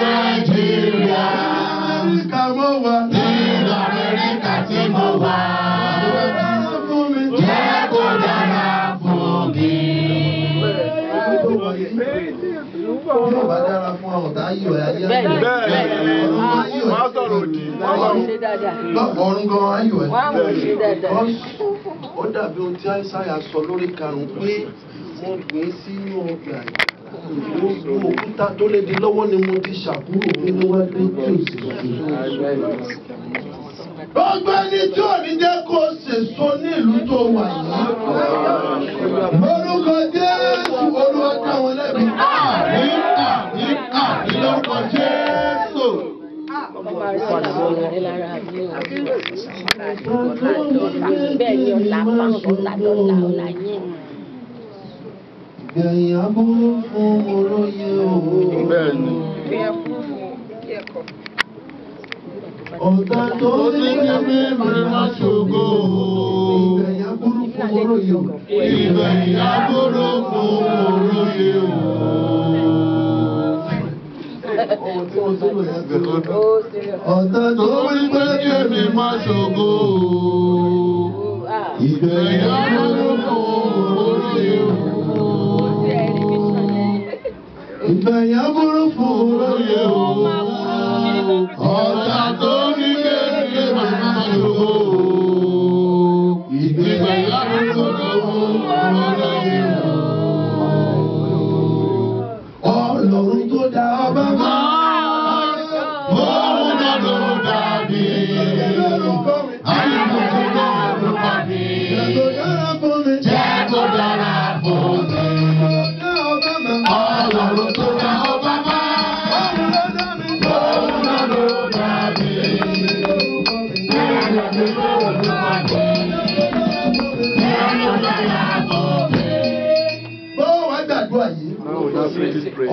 Nàìjíríà. Amẹ́ríkà mo wà. Nínú Amẹ́ríkà tí mo wà. ó dàbí ohun tí Aísáyà sọ lórí karùn pé mo gbìn sínú ọgbà yìí òkúta tó lè di lọ́wọ́ ni mo ti ṣàkúrò nínú wá tí ò sì sùn gbogbo tí ò ní jẹ́ kó ní ìlú tó wà yìí. orúkọ jésù olúwa táwọn lẹ́bi àní àní àní lórúkọ jésù. Bẹ́ẹ̀ ọ̀la pa ọ̀la dọ́là ọ̀la yín gbẹ̀yìn aburú fún oróyè òwò. bẹ́ẹ̀ni. ọ̀tá tó ní kébé rẹ̀ má ṣògo. ìgbẹ̀yìn aburú fún oróyè òwò. ìgbẹ̀yìn aburú fún oróyè òwò. Ọ̀tá tó wípé kí èmi má ṣògo. Ìgbẹ̀yìn aburú. Oh,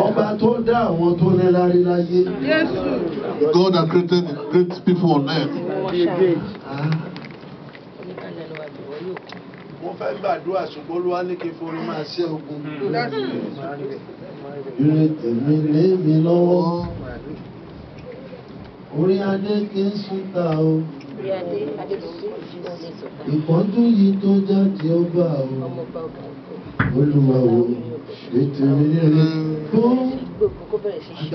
ọba tó dá àwọn tó lẹ́lárí láyé. God has created great people on earth. Ah. mo fẹ́ gbàdúrà ṣùgbọ́n olúwa ní kí forí máa ṣe ogun. ìrètè mi lé mi lọ́wọ́ orí adé kì í sùn o. orí adé adé kì í sùn ìpọ́njú yìí tó jáde ọba o olúwa ètò ìrere fún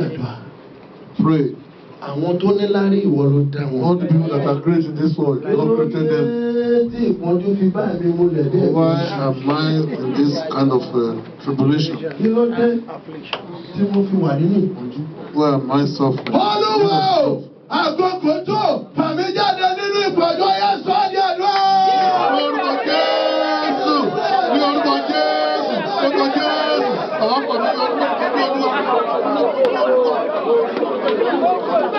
àgbàdo pray. Àwọn tó ní lárí ìwọ ló dá wọn. All the people that are great in this world, God created them. Tí ìpọ́njú fi bá mi múlẹ̀ dé. Why am I in this kind of uh, tribulation? Kí ló dé tí mo fi wà nínú ìpọ́njú? Why am I suffering? Olúwa o, àgọ́kọ̀ọ́jọ́.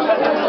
Thank you.